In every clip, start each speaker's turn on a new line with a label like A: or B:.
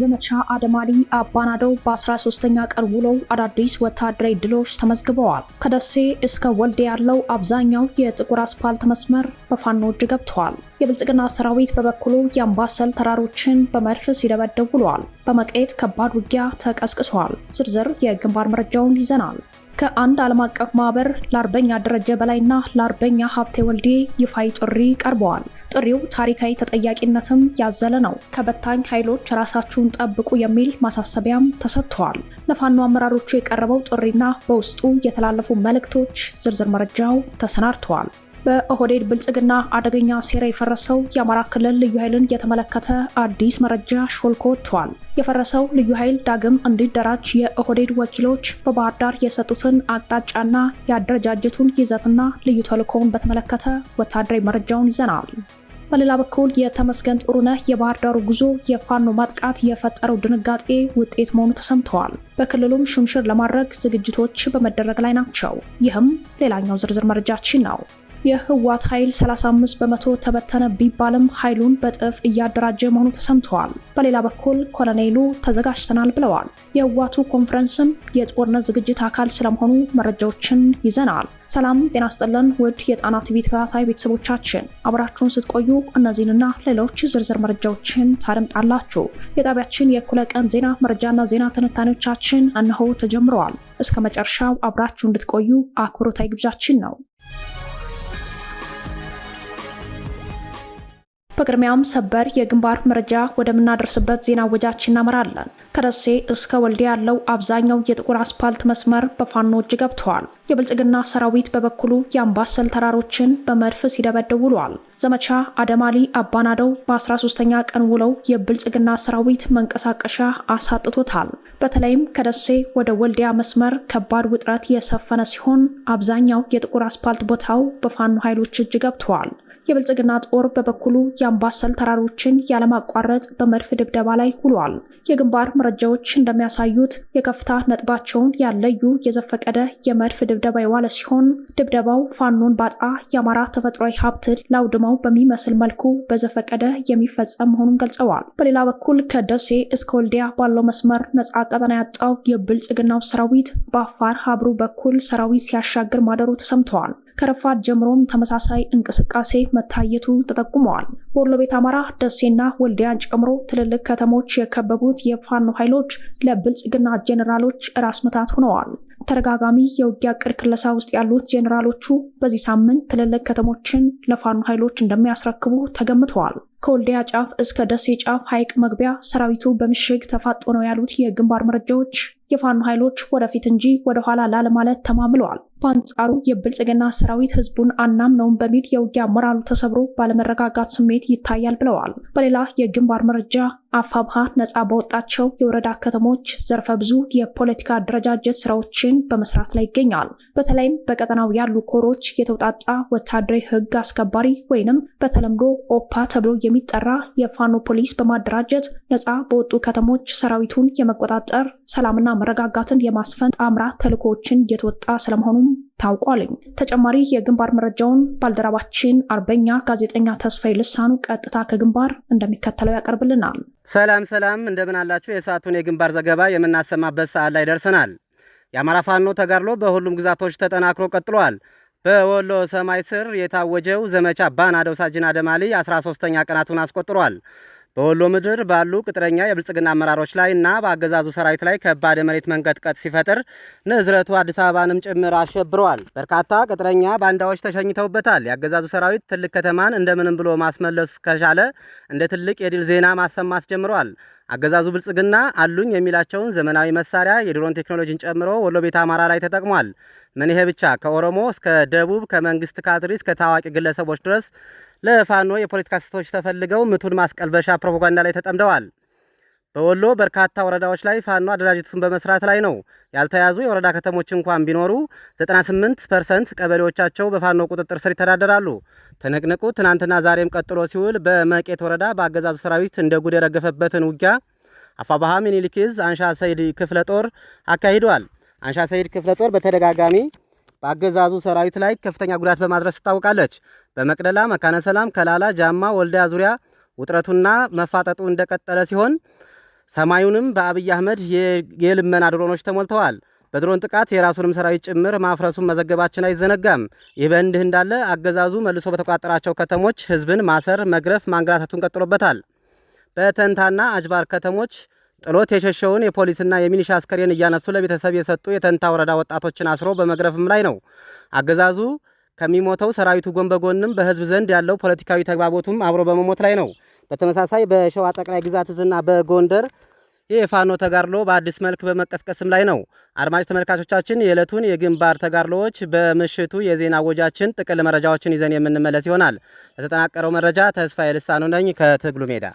A: ዘመቻ አደማሊ አባናዶ በ13ኛ ቀን ውለው አዳዲስ ወታደራዊ ድሎች ተመዝግበዋል። ከደሴ እስከ ወልዴ ያለው አብዛኛው የጥቁር አስፓልት መስመር በፋኖ እጅ ገብተዋል። የብልጽግና ሰራዊት በበኩሉ የአምባሰል ተራሮችን በመድፍ ሲደበደብ ውሏል። በመቀየት ከባድ ውጊያ ተቀስቅሰዋል። ዝርዝር የግንባር መረጃውን ይዘናል። ከአንድ ዓለም አቀፍ ማህበር ለአርበኛ ደረጀ በላይና ለአርበኛ ሀብቴ ወልዴ ይፋይ ጥሪ ቀርበዋል። ጥሪው ታሪካዊ ተጠያቂነትም ያዘለ ነው። ከበታኝ ኃይሎች ራሳችሁን ጠብቁ የሚል ማሳሰቢያም ተሰጥተዋል። ለፋኖ አመራሮቹ የቀረበው ጥሪና በውስጡ የተላለፉ መልእክቶች ዝርዝር መረጃው ተሰናድተዋል። በኦህዴድ ብልጽግና አደገኛ ሴራ የፈረሰው የአማራ ክልል ልዩ ኃይልን የተመለከተ አዲስ መረጃ ሾልኮ ወጥቷል። የፈረሰው ልዩ ኃይል ዳግም እንዲደራጅ የኦህዴድ ወኪሎች በባህር ዳር የሰጡትን አቅጣጫና የአደረጃጀቱን ይዘትና ልዩ ተልእኮውን በተመለከተ ወታደራዊ መረጃውን ይዘናል። በሌላ በኩል የተመስገን ጥሩነህ የባህር ዳሩ ጉዞ የፋኖ ማጥቃት የፈጠረው ድንጋጤ ውጤት መሆኑ ተሰምተዋል። በክልሉም ሹምሽር ለማድረግ ዝግጅቶች በመደረግ ላይ ናቸው። ይህም ሌላኛው ዝርዝር መረጃችን ነው። የህወሓት ኃይል 35 በመቶ ተበተነ ቢባልም ኃይሉን በጥፍ እያደራጀ መሆኑ ተሰምተዋል። በሌላ በኩል ኮሎኔሉ ተዘጋጅተናል ብለዋል። የህወሓቱ ኮንፈረንስም የጦርነት ዝግጅት አካል ስለመሆኑ መረጃዎችን ይዘናል። ሰላም ጤና ስጥልን ውድ የጣና ቲቪ ተከታታይ ቤተሰቦቻችን፣ አብራችሁን ስትቆዩ እነዚህንና ሌሎች ዝርዝር መረጃዎችን ታደምጣላችሁ። የጣቢያችን የእኩለ ቀን ዜና መረጃና ዜና ትንታኔዎቻችን እነሆ ተጀምረዋል። እስከ መጨረሻው አብራችሁ እንድትቆዩ አክብሮታዊ ግብዣችን ነው። በቅድሚያም ሰበር የግንባር መረጃ ወደምናደርስበት ዜና ወጃችን እናመራለን። ከደሴ እስከ ወልዲያ ያለው አብዛኛው የጥቁር አስፓልት መስመር በፋኖ እጅ ገብተዋል። የብልጽግና ሰራዊት በበኩሉ የአምባሰል ተራሮችን በመድፍ ሲደበድብ ውሏል። ዘመቻ አደማሊ አባናደው በ13ኛ ቀን ውለው የብልጽግና ሰራዊት መንቀሳቀሻ አሳጥቶታል። በተለይም ከደሴ ወደ ወልዲያ መስመር ከባድ ውጥረት የሰፈነ ሲሆን አብዛኛው የጥቁር አስፓልት ቦታው በፋኖ ኃይሎች እጅ ገብተዋል። የብልጽግና ጦር በበኩሉ የአምባሰል ተራሮችን ያለማቋረጥ በመድፍ ድብደባ ላይ ውሏል። የግንባር መረጃዎች እንደሚያሳዩት የከፍታ ነጥባቸውን ያለዩ የዘፈቀደ የመድፍ ድብደባ የዋለ ሲሆን ድብደባው ፋኖን ባጣ የአማራ ተፈጥሯዊ ሀብትን ላውድመው በሚመስል መልኩ በዘፈቀደ የሚፈጸም መሆኑን ገልጸዋል። በሌላ በኩል ከደሴ እስከ ወልዲያ ባለው መስመር ነጻ ቀጠና ያጣው የብልጽግናው ሰራዊት በአፋር ሀብሩ በኩል ሰራዊት ሲያሻግር ማደሩ ተሰምተዋል። ከረፋድ ጀምሮም ተመሳሳይ እንቅስቃሴ መታየቱ ተጠቁመዋል። በወሎ ቤት አማራ ደሴና ወልዲያን ጨምሮ ትልልቅ ከተሞች የከበቡት የፋኖ ኃይሎች ለብልጽግና ጀኔራሎች ራስ ምታት ሆነዋል። ተደጋጋሚ የውጊያ ቅድ ክለሳ ውስጥ ያሉት ጄኔራሎቹ በዚህ ሳምንት ትልልቅ ከተሞችን ለፋኖ ኃይሎች እንደሚያስረክቡ ተገምተዋል። ከወልዲያ ጫፍ እስከ ደሴ ጫፍ ሐይቅ መግቢያ ሰራዊቱ በምሽግ ተፋጦ ነው ያሉት የግንባር መረጃዎች የፋኖ ኃይሎች ወደፊት እንጂ ወደኋላ ላለማለት ተማምለዋል። በአንጻሩ የብልጽግና ሰራዊት ህዝቡን አናምነውም በሚል የውጊያ ሞራሉ ተሰብሮ ባለመረጋጋት ስሜት ይታያል ብለዋል። በሌላ የግንባር መረጃ አፋብሃ ነጻ በወጣቸው የወረዳ ከተሞች ዘርፈ ብዙ የፖለቲካ አደረጃጀት ስራዎችን በመስራት ላይ ይገኛል። በተለይም በቀጠናው ያሉ ኮሮች የተውጣጣ ወታደራዊ ህግ አስከባሪ ወይንም በተለምዶ ኦፓ ተብሎ የሚጠራ የፋኖ ፖሊስ በማደራጀት ነጻ በወጡ ከተሞች ሰራዊቱን የመቆጣጠር ሰላምና መረጋጋትን የማስፈን ጣምራ ተልእኮዎችን እየተወጣ ስለመሆኑም ታውቋልኝ። ተጨማሪ የግንባር መረጃውን ባልደረባችን አርበኛ ጋዜጠኛ ተስፋዬ ልሳኑ ቀጥታ ከግንባር እንደሚከተለው ያቀርብልናል።
B: ሰላም ሰላም፣ እንደምን አላችሁ? የሰዓቱን የግንባር ዘገባ የምናሰማበት ሰዓት ላይ ደርሰናል። የአማራ ፋኖ ተጋድሎ በሁሉም ግዛቶች ተጠናክሮ ቀጥሏል። በወሎ ሰማይ ስር የታወጀው ዘመቻ ባና ደውሳጅና ደማሊ 13ኛ ቀናቱን አስቆጥሯል። በወሎ ምድር ባሉ ቅጥረኛ የብልጽግና አመራሮች ላይ እና በአገዛዙ ሰራዊት ላይ ከባድ የመሬት መንቀጥቀጥ ሲፈጥር ንዝረቱ አዲስ አበባንም ጭምር አሸብረዋል። በርካታ ቅጥረኛ ባንዳዎች ተሸኝተውበታል። የአገዛዙ ሰራዊት ትልቅ ከተማን እንደምንም ብሎ ማስመለስ ከቻለ እንደ ትልቅ የድል ዜና ማሰማት ጀምረዋል። አገዛዙ ብልጽግና አሉኝ የሚላቸውን ዘመናዊ መሳሪያ የድሮን ቴክኖሎጂን ጨምሮ ወሎ ቤት አማራ ላይ ተጠቅሟል። ምን ይሄ ብቻ ከኦሮሞ እስከ ደቡብ ከመንግስት ካድሬ እስከ ታዋቂ ግለሰቦች ድረስ ለፋኖ የፖለቲካ ስህተቶች ተፈልገው ምቱን ማስቀልበሻ ፕሮፓጋንዳ ላይ ተጠምደዋል። በወሎ በርካታ ወረዳዎች ላይ ፋኖ አደራጅቱን በመስራት ላይ ነው። ያልተያዙ የወረዳ ከተሞች እንኳን ቢኖሩ 98 ፐርሰንት ቀበሌዎቻቸው በፋኖ ቁጥጥር ስር ይተዳደራሉ። ትንቅንቁ ትናንትና ዛሬም ቀጥሎ ሲውል በመቄት ወረዳ በአገዛዙ ሰራዊት እንደ ጉድ የረገፈበትን ውጊያ አፋባሃ ሚኒሊክ ዕዝ አንሻ ሰይድ ክፍለ ጦር አካሂዷል። አንሻ ሰይድ ክፍለ ጦር በተደጋጋሚ በአገዛዙ ሰራዊት ላይ ከፍተኛ ጉዳት በማድረስ ትታወቃለች። በመቅደላ፣ መካነ ሰላም፣ ከላላ፣ ጃማ፣ ወልዲያ ዙሪያ ውጥረቱና መፋጠጡ እንደቀጠለ ሲሆን ሰማዩንም በአብይ አህመድ የልመና ድሮኖች ተሞልተዋል። በድሮን ጥቃት የራሱንም ሰራዊት ጭምር ማፍረሱን መዘገባችን አይዘነጋም። ይህ በእንዲህ እንዳለ አገዛዙ መልሶ በተቆጣጠራቸው ከተሞች ህዝብን ማሰር፣ መግረፍ፣ ማንገላታቱን ቀጥሎበታል። በተንታና አጅባር ከተሞች ጥሎት የሸሸውን የፖሊስና የሚኒሻ አስከሬን እያነሱ ለቤተሰብ የሰጡ የተንታ ወረዳ ወጣቶችን አስሮ በመግረፍም ላይ ነው አገዛዙ ከሚሞተው ሰራዊቱ ጎን በጎንም በህዝብ ዘንድ ያለው ፖለቲካዊ ተግባቦቱም አብሮ በመሞት ላይ ነው። በተመሳሳይ በሸዋ ጠቅላይ ግዛት እዝና በጎንደር የፋኖ ተጋድሎ በአዲስ መልክ በመቀስቀስም ላይ ነው። አድማጭ ተመልካቾቻችን የዕለቱን የግንባር ተጋድሎዎች በምሽቱ የዜና ወጃችን ጥቅል መረጃዎችን ይዘን የምንመለስ ይሆናል። ለተጠናቀረው መረጃ ተስፋ የልሳኑ ነኝ ከትግሉ ሜዳ።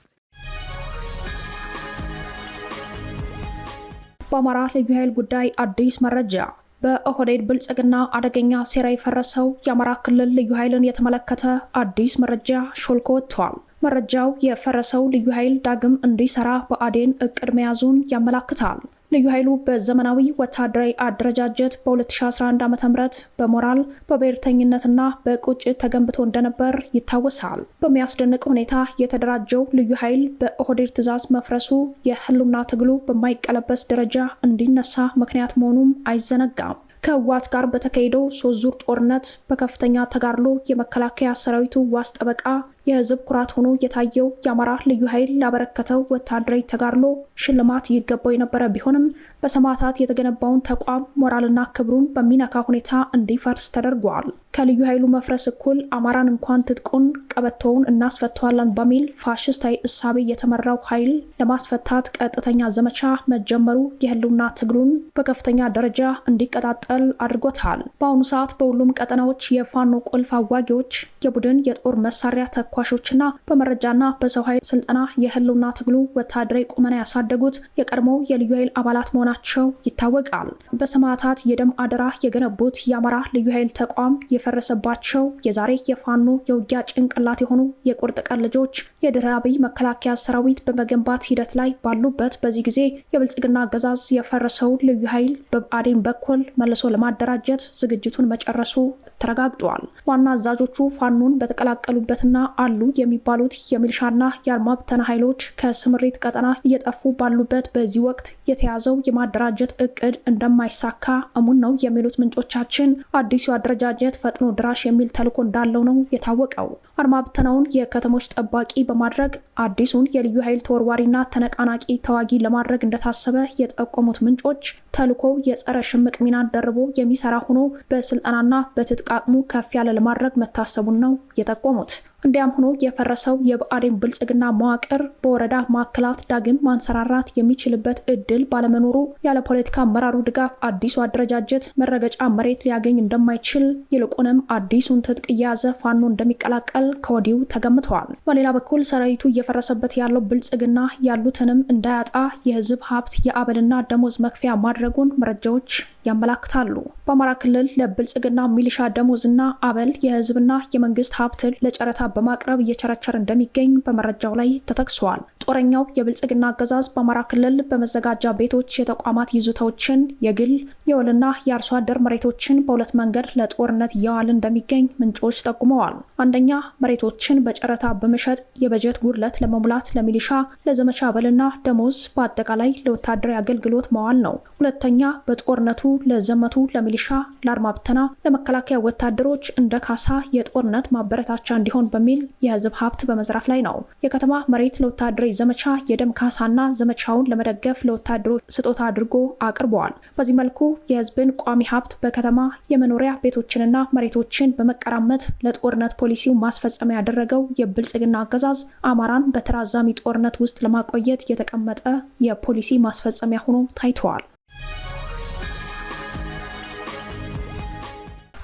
A: በአማራ ልዩ ኃይል ጉዳይ አዲስ መረጃ በኦህዴድ ብልጽግና አደገኛ ሴራ የፈረሰው የአማራ ክልል ልዩ ኃይልን የተመለከተ አዲስ መረጃ ሾልኮ ወጥቷል። መረጃው የፈረሰው ልዩ ኃይል ዳግም እንዲሰራ በአዴን እቅድ መያዙን ያመላክታል። ልዩ ኃይሉ በዘመናዊ ወታደራዊ አደረጃጀት በ2011 ዓ ም በሞራል በብሔርተኝነትና በቁጭት ተገንብቶ እንደነበር ይታወሳል። በሚያስደንቅ ሁኔታ የተደራጀው ልዩ ኃይል በኦህዴድ ትዕዛዝ መፍረሱ የህልውና ትግሉ በማይቀለበስ ደረጃ እንዲነሳ ምክንያት መሆኑም አይዘነጋም። ከህወሓት ጋር በተካሄደው ሶስት ዙር ጦርነት በከፍተኛ ተጋድሎ የመከላከያ ሰራዊቱ ዋስ ጠበቃ የህዝብ ኩራት ሆኖ የታየው የአማራ ልዩ ኃይል ላበረከተው ወታደራዊ ተጋድሎ ሽልማት ይገባው የነበረ ቢሆንም በሰማዕታት የተገነባውን ተቋም ሞራልና ክብሩን በሚነካ ሁኔታ እንዲፈርስ ተደርጓል። ከልዩ ኃይሉ መፍረስ እኩል አማራን እንኳን ትጥቁን ቀበቶውን እናስፈተዋለን በሚል ፋሽስታዊ እሳቤ የተመራው ኃይል ለማስፈታት ቀጥተኛ ዘመቻ መጀመሩ የህልውና ትግሉን በከፍተኛ ደረጃ እንዲቀጣጠል አድርጎታል። በአሁኑ ሰዓት በሁሉም ቀጠናዎች የፋኖ ቁልፍ አዋጊዎች የቡድን የጦር መሳሪያ ተ ተተኳሾችና በመረጃና በሰው ኃይል ስልጠና የህልውና ትግሉ ወታደራዊ ቁመና ያሳደጉት የቀድሞ የልዩ ኃይል አባላት መሆናቸው ይታወቃል። በሰማዕታት የደም አደራ የገነቡት የአማራ ልዩ ኃይል ተቋም የፈረሰባቸው የዛሬ የፋኖ የውጊያ ጭንቅላት የሆኑ የቁርጥ ቀን ልጆች የድህረ አብይ መከላከያ ሰራዊት በመገንባት ሂደት ላይ ባሉበት በዚህ ጊዜ የብልጽግና አገዛዝ የፈረሰውን ልዩ ኃይል በብአዴን በኩል መልሶ ለማደራጀት ዝግጅቱን መጨረሱ ተረጋግጧል። ዋና አዛዦቹ ፋኖን በተቀላቀሉበትና አሉ የሚባሉት የሚልሻና የአድማ ብተና ኃይሎች ከስምሪት ቀጠና እየጠፉ ባሉበት በዚህ ወቅት የተያዘው የማደራጀት እቅድ እንደማይሳካ እሙን ነው የሚሉት ምንጮቻችን አዲሱ አደረጃጀት ፈጥኖ ድራሽ የሚል ተልዕኮ እንዳለው ነው የታወቀው። አርማብተናውን ብተናውን የከተሞች ጠባቂ በማድረግ አዲሱን የልዩ ኃይል ተወርዋሪና ተነቃናቂ ተዋጊ ለማድረግ እንደታሰበ የጠቆሙት ምንጮች ተልኮው የጸረ ሽምቅ ሚናን ደርቦ የሚሰራ ሆኖ በስልጠናና በትጥቅ አቅሙ ከፍ ያለ ለማድረግ መታሰቡን ነው የጠቆሙት። እንዲያም ሆኖ የፈረሰው የብአዴን ብልጽግና መዋቅር በወረዳ ማዕከላት ዳግም ማንሰራራት የሚችልበት እድል ባለመኖሩ ያለ ፖለቲካ አመራሩ ድጋፍ አዲሱ አደረጃጀት መረገጫ መሬት ሊያገኝ እንደማይችል ይልቁንም አዲሱን ትጥቅ እየያዘ ፋኖ እንደሚቀላቀል እንደሚቀጥል ከወዲሁ ተገምተዋል። በሌላ በኩል ሰራዊቱ እየፈረሰበት ያለው ብልጽግና ያሉትንም እንዳያጣ የህዝብ ሀብት የአበልና ደሞዝ መክፊያ ማድረጉን መረጃዎች ያመላክታሉ። በአማራ ክልል ለብልጽግና ሚሊሻ ደሞዝና አበል የህዝብና የመንግስት ሀብት ለጨረታ በማቅረብ እየቸረቸረ እንደሚገኝ በመረጃው ላይ ተጠቅሷል። ጦረኛው የብልጽግና አገዛዝ በአማራ ክልል በመዘጋጃ ቤቶች የተቋማት ይዞታዎችን የግል የወልና የአርሶ አደር መሬቶችን በሁለት መንገድ ለጦርነት እያዋለ እንደሚገኝ ምንጮች ጠቁመዋል። አንደኛ መሬቶችን በጨረታ በመሸጥ የበጀት ጉድለት ለመሙላት ለሚሊሻ ለዘመቻ አበልና ደሞዝ፣ በአጠቃላይ ለወታደራዊ አገልግሎት መዋል ነው። ሁለተኛ በጦርነቱ ለዘመቱ ለሚሊሻ፣ ለአድማብተና፣ ለመከላከያ ወታደሮች እንደ ካሳ የጦርነት ማበረታቻ እንዲሆን በሚል የህዝብ ሀብት በመዝራፍ ላይ ነው። የከተማ መሬት ለወታደራዊ ዘመቻ የደም ካሳና ዘመቻውን ለመደገፍ ለወታደሮች ስጦታ አድርጎ አቅርበዋል። በዚህ መልኩ የህዝብን ቋሚ ሀብት በከተማ የመኖሪያ ቤቶችንና መሬቶችን በመቀራመት ለጦርነት ፖሊሲው ማስፈጸሚያ ያደረገው የብልጽግና አገዛዝ አማራን በተራዛሚ ጦርነት ውስጥ ለማቆየት የተቀመጠ የፖሊሲ ማስፈጸሚያ ሆኖ ታይተዋል።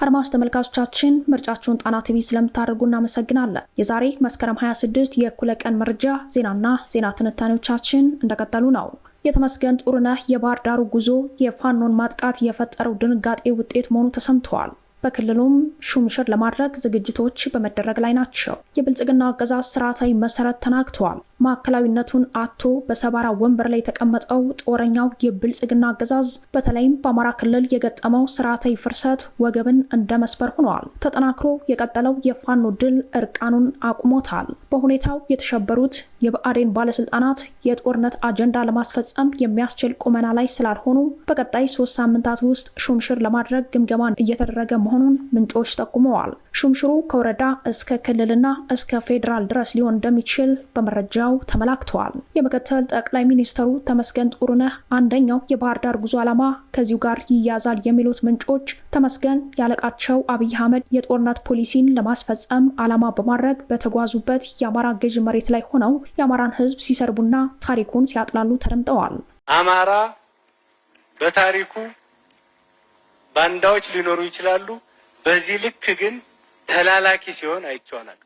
A: አድማስ ተመልካቾቻችን ምርጫችሁን ጣና ቲቪ ስለምታደርጉ እናመሰግናለን። የዛሬ መስከረም 26 የእኩለ ቀን መረጃ ዜናና ዜና ትንታኔዎቻችን እንደቀጠሉ ነው። የተመስገን ጥሩነህ የባህር ዳሩ ጉዞ የፋኖን ማጥቃት የፈጠረው ድንጋጤ ውጤት መሆኑ ተሰምተዋል። በክልሉም ሹምሽር ለማድረግ ዝግጅቶች በመደረግ ላይ ናቸው። የብልጽግና አገዛዝ ስርዓታዊ መሰረት ተናግተዋል። ማዕከላዊነቱን አቶ በሰባራ ወንበር ላይ የተቀመጠው ጦረኛው የብልጽግና አገዛዝ በተለይም በአማራ ክልል የገጠመው ስርዓታዊ ፍርሰት ወገብን እንደ መስበር ሆኗል። ተጠናክሮ የቀጠለው የፋኖ ድል እርቃኑን አቁሞታል። በሁኔታው የተሸበሩት የብአዴን ባለስልጣናት የጦርነት አጀንዳ ለማስፈጸም የሚያስችል ቁመና ላይ ስላልሆኑ በቀጣይ ሶስት ሳምንታት ውስጥ ሹምሽር ለማድረግ ግምገማን እየተደረገ መሆኑን ምንጮች ጠቁመዋል። ሹምሽሩ ከወረዳ እስከ ክልልና እስከ ፌዴራል ድረስ ሊሆን እንደሚችል በመረጃው ተመላክተዋል። የምክትል ጠቅላይ ሚኒስትሩ ተመስገን ጥሩነህ አንደኛው የባህር ዳር ጉዞ ዓላማ ከዚሁ ጋር ይያዛል የሚሉት ምንጮች ተመስገን ያለቃቸው አብይ አህመድ የጦርነት ፖሊሲን ለማስፈጸም ዓላማ በማድረግ በተጓዙበት የአማራ ገዢ መሬት ላይ ሆነው የአማራን ሕዝብ ሲሰርቡና ታሪኩን ሲያጥላሉ ተደምጠዋል።
C: አማራ በታሪኩ ባንዳዎች ሊኖሩ ይችላሉ። በዚህ ልክ ግን ተላላኪ ሲሆን አይቼዋለሁ።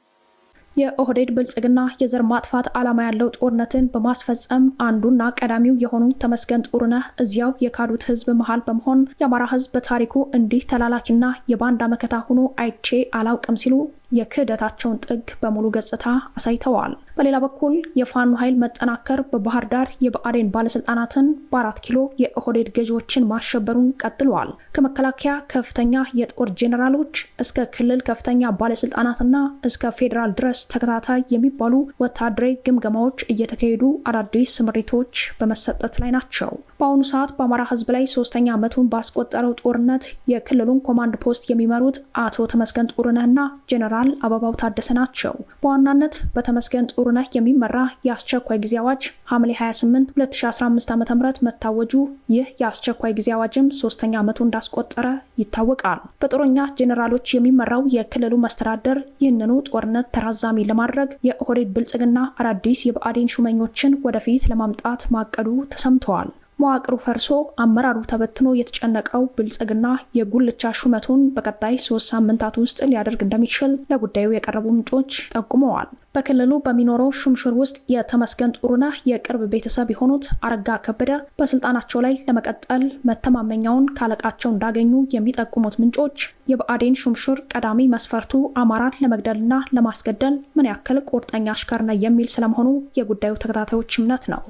A: የኦህዴድ ብልጽግና የዘር ማጥፋት ዓላማ ያለው ጦርነትን በማስፈጸም አንዱና ቀዳሚው የሆኑ ተመስገን ጥሩነህ እዚያው የካዱት ህዝብ መሀል በመሆን የአማራ ህዝብ በታሪኩ እንዲህ ተላላኪና የባንዳ መከታ ሆኖ አይቼ አላውቅም ሲሉ የክህደታቸውን ጥግ በሙሉ ገጽታ አሳይተዋል። በሌላ በኩል የፋኖ ኃይል መጠናከር በባህር ዳር የብአዴን ባለስልጣናትን በአራት ኪሎ የኦህዴድ ገዢዎችን ማሸበሩን ቀጥለዋል። ከመከላከያ ከፍተኛ የጦር ጄኔራሎች እስከ ክልል ከፍተኛ ባለስልጣናትና እስከ ፌዴራል ድረስ ተከታታይ የሚባሉ ወታደራዊ ግምገማዎች እየተካሄዱ አዳዲስ ስምሪቶች በመሰጠት ላይ ናቸው። በአሁኑ ሰዓት በአማራ ህዝብ ላይ ሶስተኛ ዓመቱን ባስቆጠረው ጦርነት የክልሉን ኮማንድ ፖስት የሚመሩት አቶ ተመስገን ጥሩነህና ጄኔራል ጀነራል አበባው ታደሰ ናቸው። በዋናነት በተመስገን ጥሩነህ የሚመራ የአስቸኳይ ጊዜ አዋጅ ሐምሌ 28 2015 ዓ ም መታወጁ ይህ የአስቸኳይ ጊዜ አዋጅም ሶስተኛ ዓመቱ እንዳስቆጠረ ይታወቃል። በጦረኛ ጀኔራሎች የሚመራው የክልሉ መስተዳደር ይህንኑ ጦርነት ተራዛሚ ለማድረግ የኦህዴድ ብልጽግና አዳዲስ የብአዴን ሹመኞችን ወደፊት ለማምጣት ማቀዱ ተሰምተዋል። መዋቅሩ ፈርሶ አመራሩ ተበትኖ የተጨነቀው ብልጽግና የጉልቻ ሹመቱን በቀጣይ ሶስት ሳምንታት ውስጥ ሊያደርግ እንደሚችል ለጉዳዩ የቀረቡ ምንጮች ጠቁመዋል። በክልሉ በሚኖረው ሹምሽር ውስጥ የተመስገን ጥሩነህ የቅርብ ቤተሰብ የሆኑት አረጋ ከበደ በስልጣናቸው ላይ ለመቀጠል መተማመኛውን ካለቃቸው እንዳገኙ የሚጠቁሙት ምንጮች የብአዴን ሹምሽር ቀዳሚ መስፈርቱ አማራን ለመግደልና ለማስገደል ምን ያክል ቁርጠኛ አሽከርነ የሚል ስለመሆኑ የጉዳዩ ተከታታዮች እምነት ነው።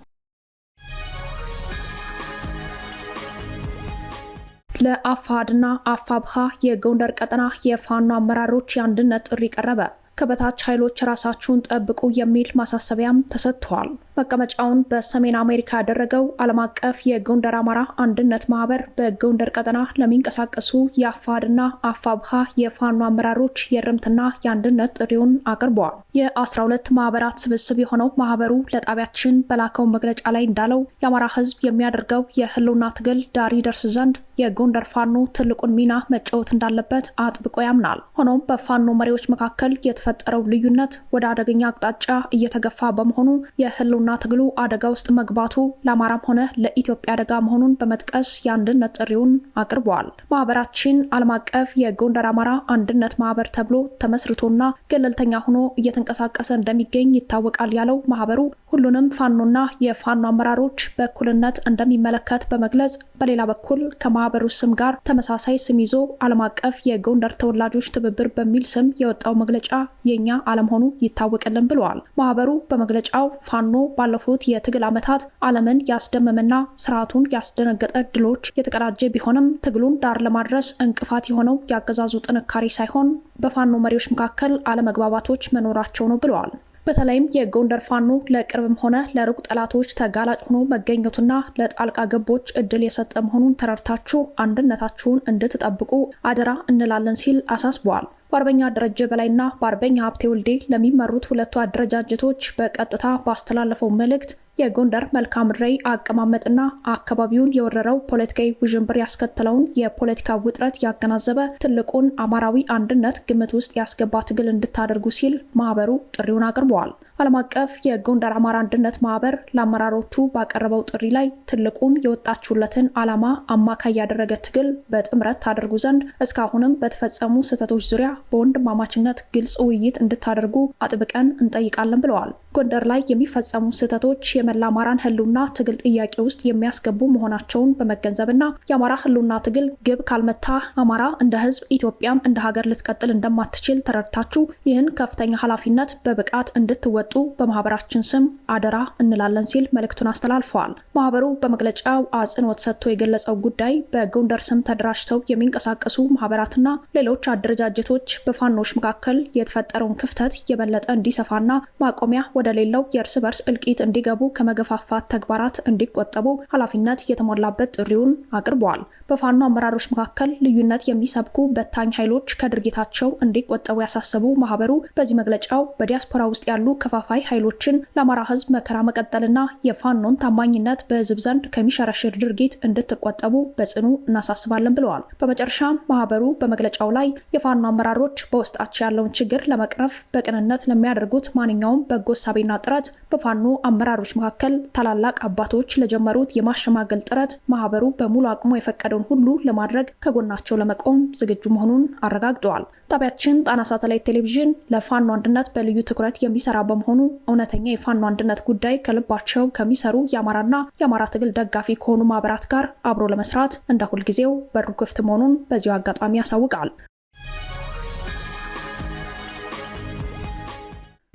A: ለአፋድና አፋብሃ የጎንደር ቀጠና የፋኖ አመራሮች የአንድነት ጥሪ ቀረበ። ከበታች ኃይሎች ራሳችሁን ጠብቁ የሚል ማሳሰቢያም ተሰጥቷል። መቀመጫውን በሰሜን አሜሪካ ያደረገው ዓለም አቀፍ የጎንደር አማራ አንድነት ማህበር በጎንደር ቀጠና ለሚንቀሳቀሱ የአፋድና አፋብሃ የፋኖ አመራሮች የእርምትና የአንድነት ጥሪውን አቅርበዋል። የ12 ማህበራት ስብስብ የሆነው ማህበሩ ለጣቢያችን በላከው መግለጫ ላይ እንዳለው የአማራ ሕዝብ የሚያደርገው የህልውና ትግል ዳሪ ደርስ ዘንድ የጎንደር ፋኖ ትልቁን ሚና መጫወት እንዳለበት አጥብቆ ያምናል። ሆኖም በፋኖ መሪዎች መካከል የተፈጠረው ልዩነት ወደ አደገኛ አቅጣጫ እየተገፋ በመሆኑ የህልውና ትግሉ አደጋ ውስጥ መግባቱ ለአማራም ሆነ ለኢትዮጵያ አደጋ መሆኑን በመጥቀስ የአንድነት ጥሪውን አቅርበዋል። ማህበራችን ዓለም አቀፍ የጎንደር አማራ አንድነት ማህበር ተብሎ ተመስርቶና ገለልተኛ ሆኖ እየተንቀሳቀሰ እንደሚገኝ ይታወቃል ያለው ማህበሩ ሁሉንም ፋኖና የፋኖ አመራሮች በእኩልነት እንደሚመለከት በመግለጽ በሌላ በኩል ከማ ማህበሩ ስም ጋር ተመሳሳይ ስም ይዞ ዓለም አቀፍ የጎንደር ተወላጆች ትብብር በሚል ስም የወጣው መግለጫ የእኛ አለመሆኑ ይታወቅልን ብለዋል። ማህበሩ በመግለጫው ፋኖ ባለፉት የትግል ዓመታት ዓለምን ያስደመመና ስርዓቱን ያስደነገጠ ድሎች የተቀዳጀ ቢሆንም ትግሉን ዳር ለማድረስ እንቅፋት የሆነው ያገዛዙ ጥንካሬ ሳይሆን በፋኖ መሪዎች መካከል አለመግባባቶች መኖራቸው ነው ብለዋል። በተለይም የጎንደር ፋኖ ለቅርብም ሆነ ለሩቅ ጠላቶች ተጋላጭ ሆኖ መገኘቱና ለጣልቃ ገቦች እድል የሰጠ መሆኑን ተረድታችሁ አንድነታችሁን እንድትጠብቁ አደራ እንላለን ሲል አሳስበዋል። በአርበኛ ደረጀ በላይና በአርበኛ ሀብቴ ወልዴ ለሚመሩት ሁለቱ አደረጃጀቶች በቀጥታ ባስተላለፈው መልእክት የጎንደር መልክዓ ምድራዊ አቀማመጥና አካባቢውን የወረረው ፖለቲካዊ ውዥንብር ያስከተለውን የፖለቲካ ውጥረት ያገናዘበ ትልቁን አማራዊ አንድነት ግምት ውስጥ ያስገባ ትግል እንድታደርጉ ሲል ማህበሩ ጥሪውን አቅርበዋል። ዓለም አቀፍ የጎንደር አማራ አንድነት ማህበር ለአመራሮቹ ባቀረበው ጥሪ ላይ ትልቁን የወጣችሁለትን ዓላማ አማካይ ያደረገ ትግል በጥምረት ታደርጉ ዘንድ እስካሁንም በተፈጸሙ ስህተቶች ዙሪያ በወንድማማችነት ግልጽ ውይይት እንድታደርጉ አጥብቀን እንጠይቃለን ብለዋል። ጎንደር ላይ የሚፈጸሙ ስህተቶች የመላ አማራን ህልውና ትግል ጥያቄ ውስጥ የሚያስገቡ መሆናቸውን በመገንዘብና የአማራ ህልውና ትግል ግብ ካልመታ አማራ እንደ ህዝብ ኢትዮጵያም እንደ ሀገር ልትቀጥል እንደማትችል ተረድታችሁ ይህን ከፍተኛ ኃላፊነት በብቃት እንድትወ እንዲወጡ በማህበራችን ስም አደራ እንላለን ሲል መልእክቱን አስተላልፈዋል። ማህበሩ በመግለጫው አጽንኦት ሰጥቶ የገለጸው ጉዳይ በጎንደር ስም ተደራጅተው የሚንቀሳቀሱ ማህበራትና ሌሎች አደረጃጀቶች በፋኖች መካከል የተፈጠረውን ክፍተት የበለጠ እንዲሰፋና ማቆሚያ ወደሌለው የእርስ በርስ እልቂት እንዲገቡ ከመገፋፋት ተግባራት እንዲቆጠቡ ኃላፊነት የተሞላበት ጥሪውን አቅርበዋል። በፋኖ አመራሮች መካከል ልዩነት የሚሰብኩ በታኝ ኃይሎች ከድርጊታቸው እንዲቆጠቡ ያሳሰቡ ማህበሩ በዚህ መግለጫው በዲያስፖራ ውስጥ ያሉ ከፋ ተከፋፋይ ኃይሎችን ለአማራ ህዝብ መከራ መቀጠልና የፋኖን ታማኝነት በህዝብ ዘንድ ከሚሸረሽር ድርጊት እንድትቆጠቡ በጽኑ እናሳስባለን ብለዋል። በመጨረሻም ማህበሩ በመግለጫው ላይ የፋኖ አመራሮች በውስጣቸው ያለውን ችግር ለመቅረፍ በቅንነት ለሚያደርጉት ማንኛውም በጎ ሳቢና ጥረት በፋኖ አመራሮች መካከል ታላላቅ አባቶች ለጀመሩት የማሸማገል ጥረት ማህበሩ በሙሉ አቅሙ የፈቀደውን ሁሉ ለማድረግ ከጎናቸው ለመቆም ዝግጁ መሆኑን አረጋግጠዋል። ጣቢያችን ጣና ሳተላይት ቴሌቪዥን ለፋኖ አንድነት በልዩ ትኩረት የሚሰራ በመሆኑ በመሆኑ እውነተኛ የፋኖ አንድነት ጉዳይ ከልባቸው ከሚሰሩ የአማራና የአማራ ትግል ደጋፊ ከሆኑ ማህበራት ጋር አብሮ ለመስራት እንደ ሁልጊዜው በሩ ክፍት መሆኑን በዚሁ አጋጣሚ ያሳውቃል።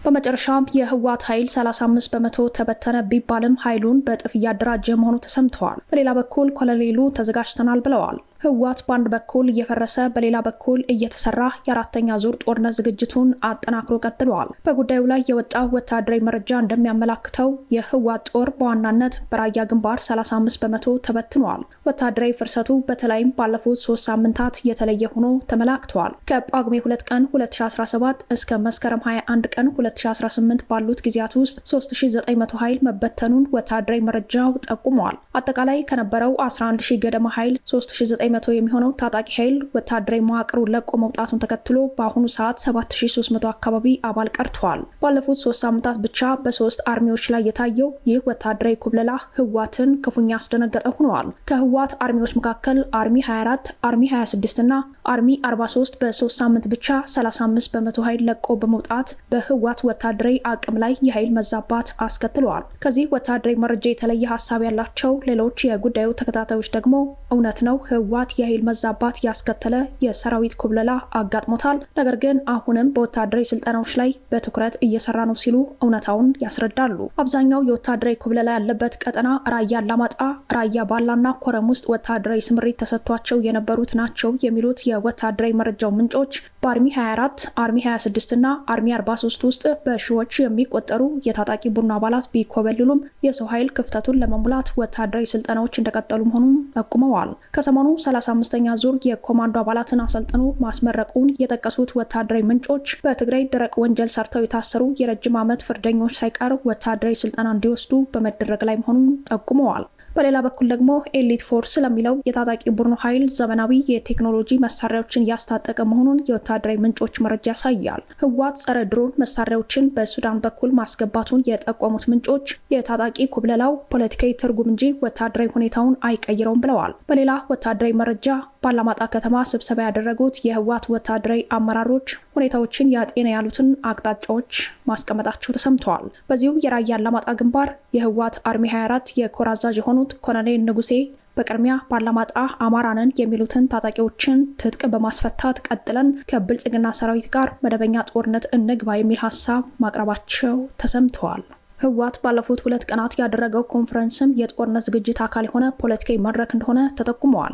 A: በመጨረሻም የህወሓት ኃይል 35 በመቶ ተበተነ ቢባልም ኃይሉን በእጥፍ እያደራጀ መሆኑ ተሰምተዋል። በሌላ በኩል ኮሎኔሉ ተዘጋጅተናል ብለዋል። ህወሓት በአንድ በኩል እየፈረሰ በሌላ በኩል እየተሰራ የአራተኛ ዙር ጦርነት ዝግጅቱን አጠናክሮ ቀጥለዋል። በጉዳዩ ላይ የወጣው ወታደራዊ መረጃ እንደሚያመላክተው የህወሓት ጦር በዋናነት በራያ ግንባር 35 በመቶ ተበትኗል። ወታደራዊ ፍርሰቱ በተለይም ባለፉት ሶስት ሳምንታት የተለየ ሆኖ ተመላክተዋል። ከጳጉሜ 2 ቀን 2017 እስከ መስከረም 21 ቀን 2018 ባሉት ጊዜያት ውስጥ 3900 ኃይል መበተኑን ወታደራዊ መረጃው ጠቁመዋል። አጠቃላይ ከነበረው 11000 ገደማ ኃይል 39 ዘጠኝ መቶ የሚሆነው ታጣቂ ኃይል ወታደራዊ መዋቅሩን ለቆ መውጣቱን ተከትሎ በአሁኑ ሰዓት 7300 አካባቢ አባል ቀርተዋል። ባለፉት ሶስት ሳምንታት ብቻ በሶስት አርሚዎች ላይ የታየው ይህ ወታደራዊ ኩብለላ ህዋትን ክፉኛ አስደነገጠ ሆነዋል። ከህዋት አርሚዎች መካከል አርሚ 24፣ አርሚ 26 እና አርሚ 43 በሶስት ሳምንት ብቻ 35 በመቶ ኃይል ለቆ በመውጣት በህዋት ወታደራዊ አቅም ላይ የኃይል መዛባት አስከትለዋል። ከዚህ ወታደራዊ መረጃ የተለየ ሀሳብ ያላቸው ሌሎች የጉዳዩ ተከታታዮች ደግሞ እውነት ነው ህዋት የኃይል መዛባት ያስከተለ የሰራዊት ኩብለላ አጋጥሞታል፣ ነገር ግን አሁንም በወታደራዊ ስልጠናዎች ላይ በትኩረት እየሰራ ነው ሲሉ እውነታውን ያስረዳሉ። አብዛኛው የወታደራዊ ኩብለላ ያለበት ቀጠና ራያ አላማጣ፣ ራያ ባላና ኮረም ውስጥ ወታደራዊ ስምሪት ተሰጥቷቸው የነበሩት ናቸው የሚሉት የ ወታደራዊ መረጃው ምንጮች በአርሚ 24 አርሚ 26 እና አርሚ 43 ውስጥ በሺዎች የሚቆጠሩ የታጣቂ ቡድኑ አባላት ቢኮበልሉም የሰው ኃይል ክፍተቱን ለመሙላት ወታደራዊ ስልጠናዎች እንደቀጠሉ መሆኑን ጠቁመዋል። ከሰሞኑ 35ኛ ዙር የኮማንዶ አባላትን አሰልጥኖ ማስመረቁን የጠቀሱት ወታደራዊ ምንጮች በትግራይ ደረቅ ወንጀል ሰርተው የታሰሩ የረጅም ዓመት ፍርደኞች ሳይቀር ወታደራዊ ስልጠና እንዲወስዱ በመደረግ ላይ መሆኑን ጠቁመዋል። በሌላ በኩል ደግሞ ኤሊት ፎርስ ለሚለው የታጣቂ ቡድኑ ኃይል ዘመናዊ የቴክኖሎጂ መሳሪያዎችን እያስታጠቀ መሆኑን የወታደራዊ ምንጮች መረጃ ያሳያል። ህወሓት ጸረ ድሮን መሳሪያዎችን በሱዳን በኩል ማስገባቱን የጠቆሙት ምንጮች የታጣቂ ኩብለላው ፖለቲካዊ ትርጉም እንጂ ወታደራዊ ሁኔታውን አይቀይረውም ብለዋል። በሌላ ወታደራዊ መረጃ ባላማጣ ከተማ ስብሰባ ያደረጉት የህወሓት ወታደራዊ አመራሮች ሁኔታዎችን ያጤነ ያሉትን አቅጣጫዎች ማስቀመጣቸው ተሰምተዋል። በዚሁ የራያ አላማጣ ግንባር የህወሓት አርሚ 24 የኮር አዛዥ የሆኑት ኮሎኔል ንጉሴ በቅድሚያ ባላማጣ አማራንን የሚሉትን ታጣቂዎችን ትጥቅ በማስፈታት ቀጥለን ከብልጽግና ሰራዊት ጋር መደበኛ ጦርነት እንግባ የሚል ሀሳብ ማቅረባቸው ተሰምተዋል። ህወሓት ባለፉት ሁለት ቀናት ያደረገው ኮንፈረንስም የጦርነት ዝግጅት አካል የሆነ ፖለቲካዊ መድረክ እንደሆነ ተጠቁመዋል።